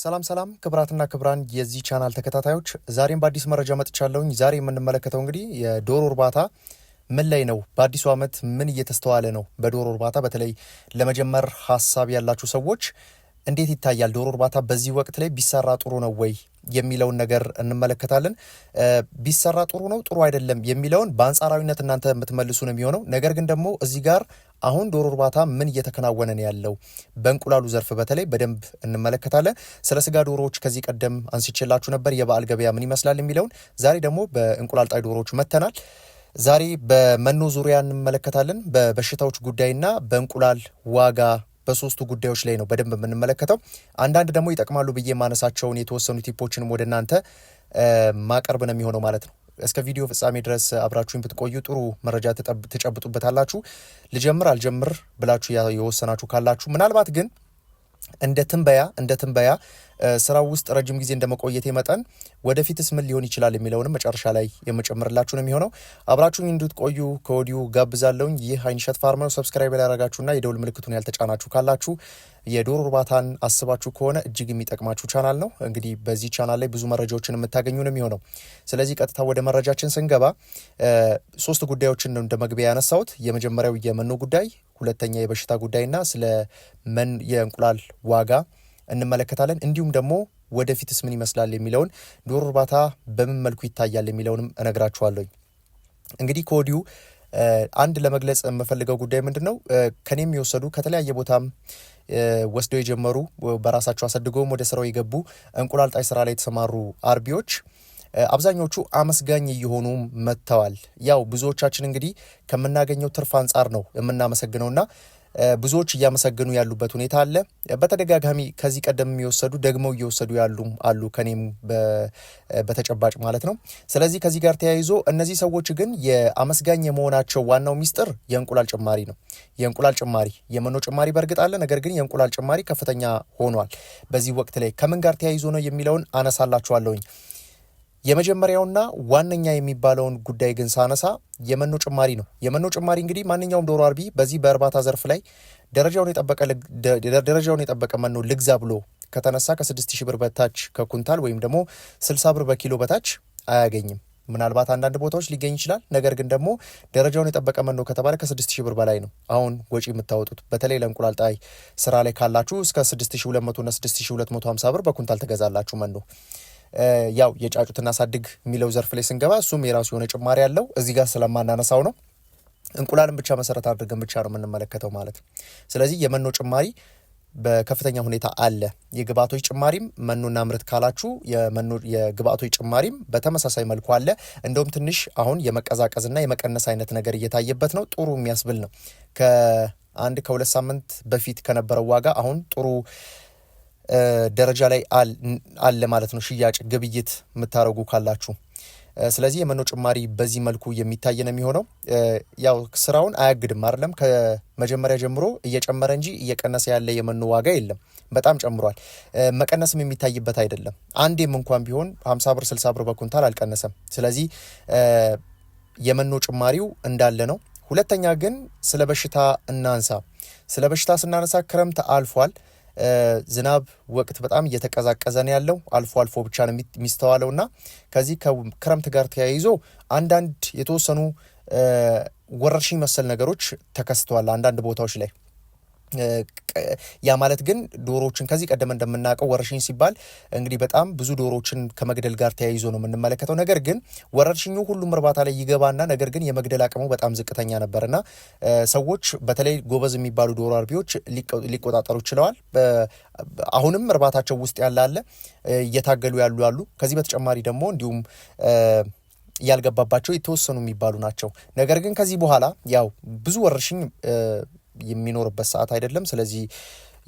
ሰላም ሰላም ክብራትና ክብራን የዚህ ቻናል ተከታታዮች ዛሬም በአዲስ መረጃ መጥቻለሁኝ። ዛሬ የምንመለከተው እንግዲህ የዶሮ እርባታ ምን ላይ ነው? በአዲሱ ዓመት ምን እየተስተዋለ ነው? በዶሮ እርባታ በተለይ ለመጀመር ሀሳብ ያላችሁ ሰዎች እንዴት ይታያል? ዶሮ እርባታ በዚህ ወቅት ላይ ቢሰራ ጥሩ ነው ወይ የሚለውን ነገር እንመለከታለን። ቢሰራ ጥሩ ነው ጥሩ አይደለም የሚለውን በአንጻራዊነት እናንተ የምትመልሱ ነው የሚሆነው። ነገር ግን ደግሞ እዚህ ጋር አሁን ዶሮ እርባታ ምን እየተከናወነ ነው ያለው በእንቁላሉ ዘርፍ በተለይ በደንብ እንመለከታለን። ስለ ስጋ ዶሮዎች ከዚህ ቀደም አንስቼላችሁ ነበር፣ የበዓል ገበያ ምን ይመስላል የሚለውን። ዛሬ ደግሞ በእንቁላል ጣይ ዶሮዎች መጥተናል። ዛሬ በመኖ ዙሪያ እንመለከታለን፣ በበሽታዎች ጉዳይና በእንቁላል ዋጋ በሶስቱ ጉዳዮች ላይ ነው በደንብ የምንመለከተው። አንዳንድ ደግሞ ይጠቅማሉ ብዬ የማነሳቸውን የተወሰኑ ቲፖችንም ወደ እናንተ ማቀርብ ነው የሚሆነው ማለት ነው። እስከ ቪዲዮ ፍጻሜ ድረስ አብራችሁን ብትቆዩ ጥሩ መረጃ ትጨብጡበታላችሁ። ልጀምር አልጀምር ብላችሁ የወሰናችሁ ካላችሁ ምናልባት ግን እንደ ትንበያ እንደ ትንበያ ስራው ውስጥ ረጅም ጊዜ እንደመቆየቴ መጠን ወደፊትስ ምን ሊሆን ይችላል የሚለውንም መጨረሻ ላይ የምጨምርላችሁ ነው የሚሆነው። አብራችሁኝ እንድትቆዩ ከወዲሁ ጋብዛለሁኝ። ይህ አይንሸት ፋርማ ነው። ሰብስክራይብ ያላረጋችሁና የደውል ምልክቱን ያልተጫናችሁ ካላችሁ የዶሮ እርባታን አስባችሁ ከሆነ እጅግ የሚጠቅማችሁ ቻናል ነው። እንግዲህ በዚህ ቻናል ላይ ብዙ መረጃዎችን የምታገኙ ነው የሚሆነው። ስለዚህ ቀጥታ ወደ መረጃችን ስንገባ ሶስት ጉዳዮችን ነው እንደ መግቢያ ያነሳሁት። የመጀመሪያው የመኖ ጉዳይ ሁለተኛ የበሽታ ጉዳይና ስለ መን የእንቁላል ዋጋ እንመለከታለን። እንዲሁም ደግሞ ወደፊትስ ምን ይመስላል የሚለውን ዶሮ እርባታ በምን መልኩ ይታያል የሚለውንም እነግራችኋለሁ። እንግዲህ ከወዲሁ አንድ ለመግለጽ የምፈልገው ጉዳይ ምንድን ነው? ከኔ የሚወሰዱ ከተለያየ ቦታም ወስደው የጀመሩ በራሳቸው አሳድገውም ወደ ስራው የገቡ እንቁላል ጣይ ስራ ላይ የተሰማሩ አርቢዎች አብዛኞቹ አመስጋኝ እየሆኑ መጥተዋል። ያው ብዙዎቻችን እንግዲህ ከምናገኘው ትርፍ አንጻር ነው የምናመሰግነውና ብዙዎች እያመሰገኑ ያሉበት ሁኔታ አለ። በተደጋጋሚ ከዚህ ቀደም የሚወሰዱ ደግሞ እየወሰዱ ያሉ አሉ፣ ከኔም በተጨባጭ ማለት ነው። ስለዚህ ከዚህ ጋር ተያይዞ እነዚህ ሰዎች ግን የአመስጋኝ የመሆናቸው ዋናው ሚስጥር የእንቁላል ጭማሪ ነው። የእንቁላል ጭማሪ፣ የመኖ ጭማሪ በእርግጥ አለ፣ ነገር ግን የእንቁላል ጭማሪ ከፍተኛ ሆኗል በዚህ ወቅት ላይ። ከምን ጋር ተያይዞ ነው የሚለውን አነሳላችኋለሁኝ። የመጀመሪያውና ዋነኛ የሚባለውን ጉዳይ ግን ሳነሳ የመኖ ጭማሪ ነው። የመኖ ጭማሪ እንግዲህ ማንኛውም ዶሮ አርቢ በዚህ በእርባታ ዘርፍ ላይ ደረጃውን የጠበቀ መኖ ልግዛ ብሎ ከተነሳ ከ6000 ብር በታች ከኩንታል ወይም ደግሞ 60 ብር በኪሎ በታች አያገኝም። ምናልባት አንዳንድ ቦታዎች ሊገኝ ይችላል። ነገር ግን ደግሞ ደረጃውን የጠበቀ መኖ ከተባለ ከ6000 ብር በላይ ነው አሁን ወጪ የምታወጡት። በተለይ ለእንቁላል ጣይ ስራ ላይ ካላችሁ እስከ 6200 እና 6250 ብር በኩንታል ትገዛላችሁ መኖ ያው የጫጩት እናሳድግ የሚለው ዘርፍ ላይ ስንገባ እሱም የራሱ የሆነ ጭማሪ ያለው እዚህ ጋር ስለማናነሳው ነው። እንቁላልን ብቻ መሰረት አድርገን ብቻ ነው የምንመለከተው ማለት ስለዚህ የመኖ ጭማሪ በከፍተኛ ሁኔታ አለ። የግብአቶች ጭማሪም መኖና ምርት ካላችሁ የግብአቶች ጭማሪም በተመሳሳይ መልኩ አለ። እንደውም ትንሽ አሁን የመቀዛቀዝና የመቀነስ አይነት ነገር እየታየበት ነው። ጥሩ የሚያስብል ነው። ከአንድ ከሁለት ሳምንት በፊት ከነበረው ዋጋ አሁን ጥሩ ደረጃ ላይ አለ ማለት ነው። ሽያጭ ግብይት የምታደርጉ ካላችሁ ስለዚህ የመኖ ጭማሪ በዚህ መልኩ የሚታይ ነው የሚሆነው። ያው ስራውን አያግድም አይደለም። ከመጀመሪያ ጀምሮ እየጨመረ እንጂ እየቀነሰ ያለ የመኖ ዋጋ የለም። በጣም ጨምሯል። መቀነስም የሚታይበት አይደለም። አንዴም እንኳን ቢሆን 50 ብር 60 ብር በኩንታል አልቀነሰም። ስለዚህ የመኖ ጭማሪው እንዳለ ነው። ሁለተኛ ግን ስለ በሽታ እናንሳ። ስለ በሽታ ስናነሳ ክረምት አልፏል። ዝናብ ወቅት በጣም እየተቀዛቀዘ ነው ያለው። አልፎ አልፎ ብቻ ነው የሚስተዋለው እና ከዚህ ከክረምት ጋር ተያይዞ አንዳንድ የተወሰኑ ወረርሽኝ መሰል ነገሮች ተከስተዋል አንዳንድ ቦታዎች ላይ ያ ማለት ግን ዶሮዎችን ከዚህ ቀደም እንደምናውቀው ወረርሽኝ ሲባል እንግዲህ በጣም ብዙ ዶሮዎችን ከመግደል ጋር ተያይዞ ነው የምንመለከተው። ነገር ግን ወረርሽኙ ሁሉም እርባታ ላይ ይገባና ነገር ግን የመግደል አቅሙ በጣም ዝቅተኛ ነበርና ሰዎች በተለይ ጎበዝ የሚባሉ ዶሮ አርቢዎች ሊቆጣጠሩ ችለዋል። አሁንም እርባታቸው ውስጥ ያለ አለ፣ እየታገሉ ያሉ አሉ። ከዚህ በተጨማሪ ደግሞ እንዲሁም ያልገባባቸው የተወሰኑ የሚባሉ ናቸው። ነገር ግን ከዚህ በኋላ ያው ብዙ ወረርሽኝ የሚኖርበት ሰዓት አይደለም። ስለዚህ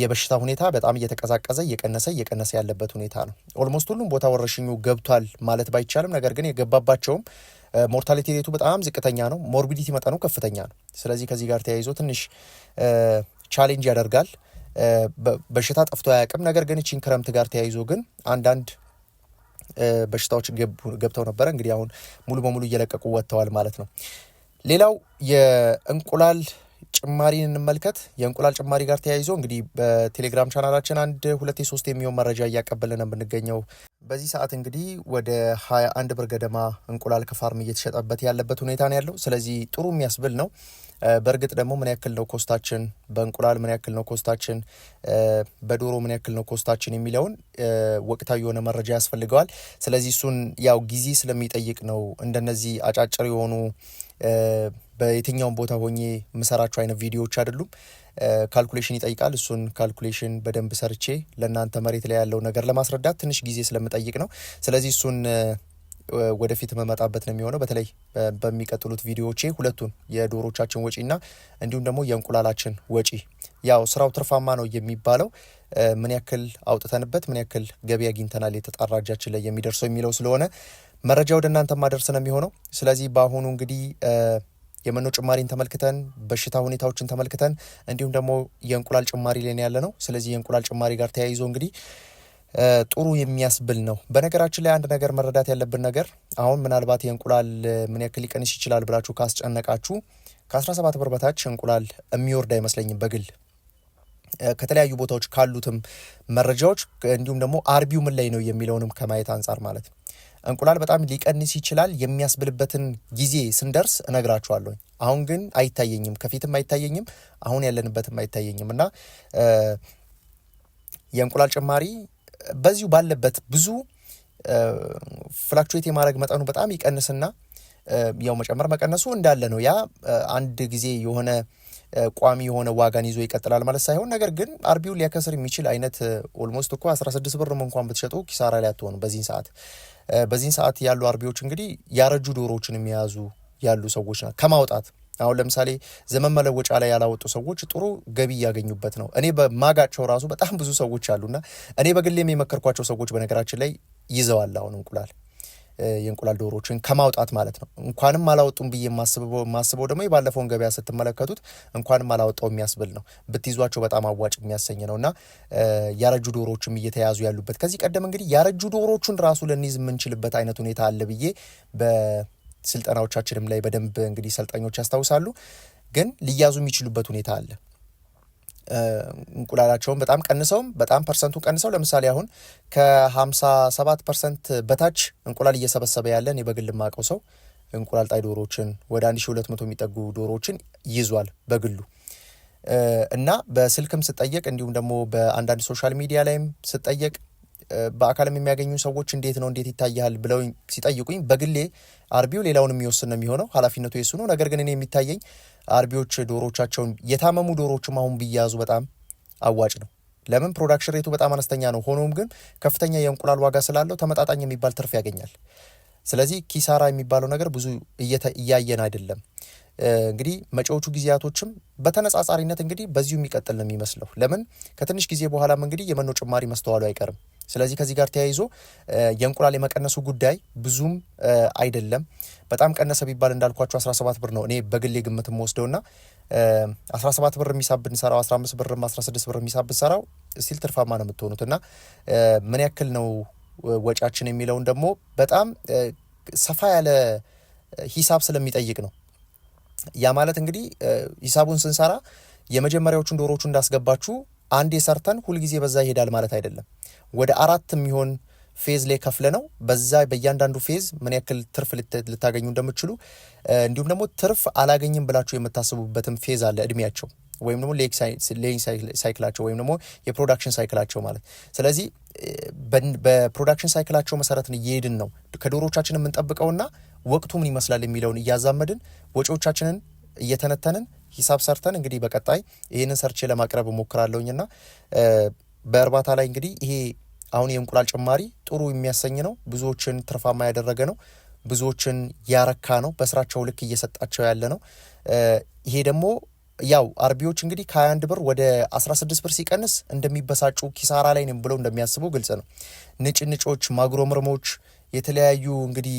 የበሽታ ሁኔታ በጣም እየተቀዛቀዘ እየቀነሰ እየቀነሰ ያለበት ሁኔታ ነው። ኦልሞስት ሁሉም ቦታ ወረሽኙ ገብቷል ማለት ባይቻልም፣ ነገር ግን የገባባቸውም ሞርታሊቲ ሬቱ በጣም ዝቅተኛ ነው። ሞርቢዲቲ መጠኑ ከፍተኛ ነው። ስለዚህ ከዚህ ጋር ተያይዞ ትንሽ ቻሌንጅ ያደርጋል። በሽታ ጠፍቶ አያውቅም። ነገር ግን ቺን ክረምት ጋር ተያይዞ ግን አንዳንድ በሽታዎች ገብተው ነበረ። እንግዲህ አሁን ሙሉ በሙሉ እየለቀቁ ወጥተዋል ማለት ነው። ሌላው የእንቁላል ጭማሪን እንመልከት። የእንቁላል ጭማሪ ጋር ተያይዞ እንግዲህ በቴሌግራም ቻናላችን አንድ ሁለት ሶስት የሚሆን መረጃ እያቀበልን የምንገኘው በዚህ ሰዓት እንግዲህ ወደ ሀያ አንድ ብር ገደማ እንቁላል ከፋርም እየተሸጠበት ያለበት ሁኔታ ነው ያለው። ስለዚህ ጥሩ የሚያስብል ነው። በእርግጥ ደግሞ ምን ያክል ነው ኮስታችን፣ በእንቁላል ምን ያክል ነው ኮስታችን፣ በዶሮ ምን ያክል ነው ኮስታችን የሚለውን ወቅታዊ የሆነ መረጃ ያስፈልገዋል። ስለዚህ እሱን ያው ጊዜ ስለሚጠይቅ ነው እንደነዚህ አጫጭር የሆኑ በየትኛውም ቦታ ሆኜ የምሰራቸው አይነት ቪዲዮዎች አይደሉም። ካልኩሌሽን ይጠይቃል። እሱን ካልኩሌሽን በደንብ ሰርቼ ለእናንተ መሬት ላይ ያለው ነገር ለማስረዳት ትንሽ ጊዜ ስለምጠይቅ ነው። ስለዚህ እሱን ወደፊት መመጣበት ነው የሚሆነው። በተለይ በሚቀጥሉት ቪዲዮዎቼ ሁለቱን የዶሮቻችን ወጪና እንዲሁም ደግሞ የእንቁላላችን ወጪ ያው ስራው ትርፋማ ነው የሚባለው ምን ያክል አውጥተንበት ምን ያክል ገቢ አግኝተናል የተጣራጃችን ላይ የሚደርሰው የሚለው ስለሆነ መረጃ ወደ እናንተ ማደርስ ነው የሚሆነው። ስለዚህ በአሁኑ እንግዲህ የመኖ ጭማሪን ተመልክተን በሽታ ሁኔታዎችን ተመልክተን እንዲሁም ደግሞ የእንቁላል ጭማሪ ላይ ያለ ነው። ስለዚህ የእንቁላል ጭማሪ ጋር ተያይዞ እንግዲህ ጥሩ የሚያስብል ነው። በነገራችን ላይ አንድ ነገር መረዳት ያለብን ነገር አሁን ምናልባት የእንቁላል ምን ያክል ሊቀንስ ይችላል ብላችሁ ካስጨነቃችሁ ከ17 ብር በታች እንቁላል የሚወርድ አይመስለኝም በግል ከተለያዩ ቦታዎች ካሉትም መረጃዎች እንዲሁም ደግሞ አርቢው ምን ላይ ነው የሚለውንም ከማየት አንጻር ማለት ነው። እንቁላል በጣም ሊቀንስ ይችላል የሚያስብልበትን ጊዜ ስንደርስ እነግራችኋለሁ። አሁን ግን አይታየኝም፣ ከፊትም አይታየኝም፣ አሁን ያለንበትም አይታየኝም እና የእንቁላል ጭማሪ በዚሁ ባለበት ብዙ ፍላክቹዌት የማድረግ መጠኑ በጣም ይቀንስና ያው መጨመር መቀነሱ እንዳለ ነው። ያ አንድ ጊዜ የሆነ ቋሚ የሆነ ዋጋን ይዞ ይቀጥላል ማለት ሳይሆን፣ ነገር ግን አርቢው ሊያከስር የሚችል አይነት ኦልሞስት እኮ 16 ብር እንኳን ብትሸጡ ኪሳራ ላይ አትሆኑ በዚህን ሰዓት በዚህን ሰዓት ያሉ አርቢዎች እንግዲህ ያረጁ ዶሮዎችን የሚያዙ ያሉ ሰዎች ናቸው ከማውጣት አሁን ለምሳሌ ዘመን መለወጫ ላይ ያላወጡ ሰዎች ጥሩ ገቢ እያገኙበት ነው። እኔ በማጋቸው ራሱ በጣም ብዙ ሰዎች አሉና እኔ በግሌም የመከርኳቸው ሰዎች በነገራችን ላይ ይዘዋል አሁን እንቁላል የእንቁላል ዶሮዎችን ከማውጣት ማለት ነው። እንኳንም አላወጡም ብዬ የማስበው ደግሞ የባለፈውን ገበያ ስትመለከቱት እንኳንም አላወጣው የሚያስብል ነው። ብትይዟቸው በጣም አዋጭ የሚያሰኝ ነው እና ያረጁ ዶሮዎችም እየተያዙ ያሉበት ከዚህ ቀደም እንግዲህ ያረጁ ዶሮዎቹን ራሱ ልንይዝ የምንችልበት አይነት ሁኔታ አለ ብዬ በስልጠናዎቻችንም ላይ በደንብ እንግዲህ ሰልጣኞች ያስታውሳሉ። ግን ሊያዙ የሚችሉበት ሁኔታ አለ። እንቁላላቸውን በጣም ቀንሰውም በጣም ፐርሰንቱን ቀንሰው ለምሳሌ አሁን ከ57 ፐርሰንት በታች እንቁላል እየሰበሰበ ያለን የበግል ማቀው ሰው እንቁላል ጣይ ዶሮዎችን ወደ 1200 የሚጠጉ ዶሮዎችን ይዟል በግሉ እና በስልክም ስጠየቅ እንዲሁም ደግሞ በአንዳንድ ሶሻል ሚዲያ ላይም ስጠየቅ በአካልም የሚያገኙ ሰዎች እንዴት ነው እንዴት ይታያል ብለው ሲጠይቁኝ በግሌ አርቢው ሌላውን የሚወስን ነው የሚሆነው ኃላፊነቱ የሱ ነው። ነገር ግን እኔ የሚታየኝ አርቢዎች ዶሮቻቸውን የታመሙ ዶሮዎችም አሁን ቢያዙ በጣም አዋጭ ነው። ለምን ፕሮዳክሽን ሬቱ በጣም አነስተኛ ነው። ሆኖም ግን ከፍተኛ የእንቁላል ዋጋ ስላለው ተመጣጣኝ የሚባል ትርፍ ያገኛል። ስለዚህ ኪሳራ የሚባለው ነገር ብዙ እያየን አይደለም። እንግዲህ መጪዎቹ ጊዜያቶችም በተነጻጻሪነት እንግዲህ በዚሁ የሚቀጥል ነው የሚመስለው። ለምን ከትንሽ ጊዜ በኋላም እንግዲህ የመኖ ጭማሪ መስተዋሉ አይቀርም። ስለዚህ ከዚህ ጋር ተያይዞ የእንቁላል የመቀነሱ ጉዳይ ብዙም አይደለም። በጣም ቀነሰ ቢባል እንዳልኳቸው 17 ብር ነው እኔ በግሌ ግምት ና 17 ብር የሚሳብ ብንሰራው 15 ብር 16 ብር የሚሳብ ብንሰራው ሲል ትርፋማ ነው የምትሆኑት እና ምን ያክል ነው ወጫችን የሚለውን ደግሞ በጣም ሰፋ ያለ ሂሳብ ስለሚጠይቅ ነው። ያ ማለት እንግዲህ ሂሳቡን ስንሰራ የመጀመሪያዎቹን ዶሮዎቹ እንዳስገባችሁ አንዴ ሰርተን ሁልጊዜ በዛ ይሄዳል ማለት አይደለም። ወደ አራት የሚሆን ፌዝ ላይ ከፍለ ነው በዛ በእያንዳንዱ ፌዝ ምን ያክል ትርፍ ልታገኙ እንደምችሉ እንዲሁም ደግሞ ትርፍ አላገኝም ብላችሁ የምታስቡበትም ፌዝ አለ እድሜያቸው ወይም ደግሞ ሌይንግ ሳይክላቸው ወይም ደግሞ የፕሮዳክሽን ሳይክላቸው ማለት። ስለዚህ በፕሮዳክሽን ሳይክላቸው መሰረትን እየሄድን ነው ከዶሮቻችን የምንጠብቀውና ወቅቱ ምን ይመስላል የሚለውን እያዛመድን ወጪዎቻችንን እየተነተንን ሂሳብ ሰርተን እንግዲህ በቀጣይ ይህንን ሰርቼ ለማቅረብ እሞክራለሁኝና በእርባታ ላይ እንግዲህ ይሄ አሁን የእንቁላል ጭማሪ ጥሩ የሚያሰኝ ነው። ብዙዎችን ትርፋማ ያደረገ ነው። ብዙዎችን ያረካ ነው። በስራቸው ልክ እየሰጣቸው ያለ ነው። ይሄ ደግሞ ያው አርቢዎች እንግዲህ ከ21 ብር ወደ 16 ብር ሲቀንስ እንደሚበሳጩ ኪሳራ ላይ ነው ብለው እንደሚያስቡ ግልጽ ነው። ንጭንጮች፣ ማጉረምረሞች፣ የተለያዩ እንግዲህ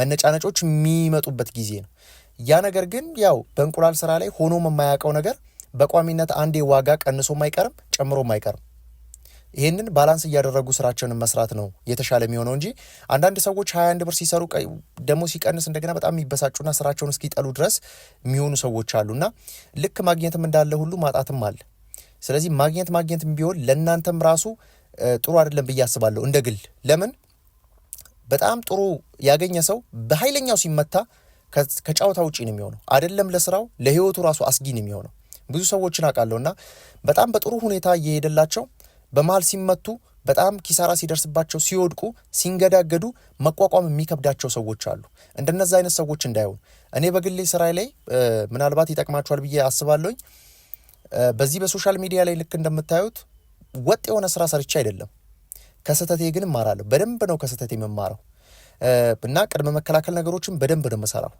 መነጫነጮች የሚመጡበት ጊዜ ነው። ያ ነገር ግን ያው በእንቁላል ስራ ላይ ሆኖ የማያውቀው ነገር በቋሚነት አንዴ ዋጋ ቀንሶ አይቀርም ጨምሮ አይቀርም። ይህንን ባላንስ እያደረጉ ስራቸውን መስራት ነው የተሻለ የሚሆነው እንጂ አንዳንድ ሰዎች ሀያ አንድ ብር ሲሰሩ ደግሞ ሲቀንስ እንደገና በጣም የሚበሳጩና ስራቸውን እስኪጠሉ ድረስ የሚሆኑ ሰዎች አሉና ልክ ማግኘትም እንዳለ ሁሉ ማጣትም አለ። ስለዚህ ማግኘት ማግኘትም ቢሆን ለእናንተም ራሱ ጥሩ አይደለም ብዬ አስባለሁ። እንደ ግል ለምን በጣም ጥሩ ያገኘ ሰው በኃይለኛው ሲመታ ከጨዋታ ውጪ ነው የሚሆነው። አይደለም ለስራው ለህይወቱ ራሱ አስጊ ነው የሚሆነው። ብዙ ሰዎችን አውቃለሁ እና በጣም በጥሩ ሁኔታ እየሄደላቸው በመሀል ሲመቱ በጣም ኪሳራ ሲደርስባቸው ሲወድቁ ሲንገዳገዱ መቋቋም የሚከብዳቸው ሰዎች አሉ። እንደነዚ አይነት ሰዎች እንዳይሆኑ እኔ በግሌ ስራ ላይ ምናልባት ይጠቅማቸዋል ብዬ አስባለሁኝ። በዚህ በሶሻል ሚዲያ ላይ ልክ እንደምታዩት ወጥ የሆነ ስራ ሰርቼ አይደለም፣ ከስህተቴ ግን እማራለሁ። በደንብ ነው ከስህተቴ የምማረው። እና ቅድመ መከላከል ነገሮችን በደንብ ነው የምሰራው።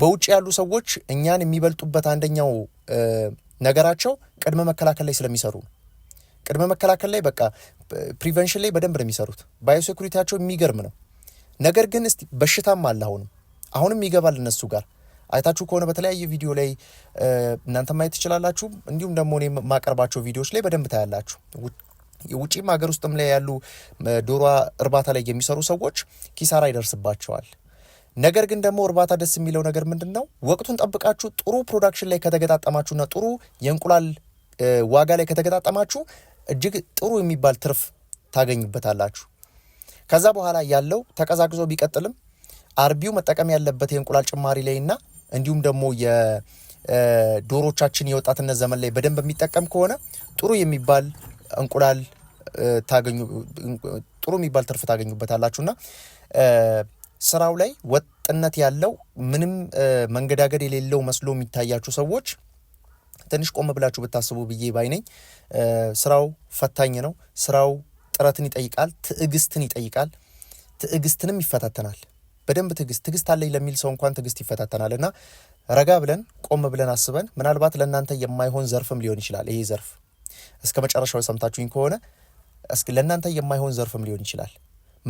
በውጭ ያሉ ሰዎች እኛን የሚበልጡበት አንደኛው ነገራቸው ቅድመ መከላከል ላይ ስለሚሰሩ ነው። ቅድመ መከላከል ላይ በቃ ፕሪቨንሽን ላይ በደንብ ነው የሚሰሩት። ባዮሴኩሪቲያቸው የሚገርም ነው። ነገር ግን እስቲ በሽታም አለ አሁንም አሁንም ይገባል እነሱ ጋር አይታችሁ ከሆነ በተለያየ ቪዲዮ ላይ እናንተ ማየት ትችላላችሁ። እንዲሁም ደግሞ እኔ የማቀርባቸው ቪዲዮዎች ላይ በደንብ ታያላችሁ። የውጭም ሀገር ውስጥም ላይ ያሉ ዶሮ እርባታ ላይ የሚሰሩ ሰዎች ኪሳራ ይደርስባቸዋል። ነገር ግን ደግሞ እርባታ ደስ የሚለው ነገር ምንድን ነው? ወቅቱን ጠብቃችሁ ጥሩ ፕሮዳክሽን ላይ ከተገጣጠማችሁና ጥሩ የእንቁላል ዋጋ ላይ ከተገጣጠማችሁ እጅግ ጥሩ የሚባል ትርፍ ታገኙበታላችሁ። ከዛ በኋላ ያለው ተቀዛቅዞ ቢቀጥልም አርቢው መጠቀም ያለበት የእንቁላል ጭማሪ ላይና እንዲሁም ደግሞ የዶሮቻችን የወጣትነት ዘመን ላይ በደንብ የሚጠቀም ከሆነ ጥሩ የሚባል እንቁላል ታገኙ ጥሩ የሚባል ትርፍ እና ስራው ላይ ወጥነት ያለው ምንም መንገዳገድ የሌለው መስሎ የሚታያችሁ ሰዎች ትንሽ ቆም ብላችሁ ብታስቡ ብዬ ባይነኝ። ስራው ፈታኝ ነው። ስራው ጥረትን ይጠይቃል፣ ትዕግስትን ይጠይቃል፣ ትዕግስትንም ይፈታተናል። በደንብ ትዕግስት ትዕግስት አለኝ ለሚል ሰው እንኳን ትዕግስት ይፈታተናል እና ረጋ ብለን ቆም ብለን አስበን ምናልባት ለእናንተ የማይሆን ዘርፍም ሊሆን ይችላል ይሄ ዘርፍ እስከ መጨረሻው ሰምታችሁኝ ከሆነ እስኪ ለእናንተ የማይሆን ዘርፍም ሊሆን ይችላል።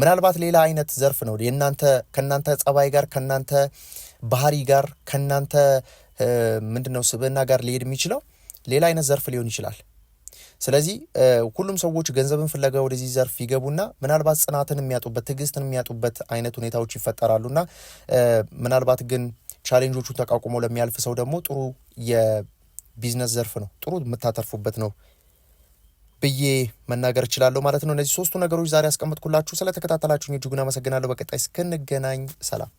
ምናልባት ሌላ አይነት ዘርፍ ነው የእናንተ ከእናንተ ጸባይ ጋር ከእናንተ ባህሪ ጋር ከእናንተ ምንድን ነው ስብዕና ጋር ሊሄድ የሚችለው ሌላ አይነት ዘርፍ ሊሆን ይችላል። ስለዚህ ሁሉም ሰዎች ገንዘብን ፍለጋ ወደዚህ ዘርፍ ይገቡና ምናልባት ጽናትን የሚያጡበት ትዕግስትን የሚያጡበት አይነት ሁኔታዎች ይፈጠራሉና ምናልባት ግን ቻሌንጆቹን ተቋቁሞ ለሚያልፍ ሰው ደግሞ ጥሩ የቢዝነስ ዘርፍ ነው፣ ጥሩ የምታተርፉበት ነው ብዬ መናገር እችላለሁ ማለት ነው። እነዚህ ሶስቱ ነገሮች ዛሬ ያስቀምጥኩላችሁ። ስለተከታተላችሁኝ እጅጉን አመሰግናለሁ። በቀጣይ እስክንገናኝ ሰላም።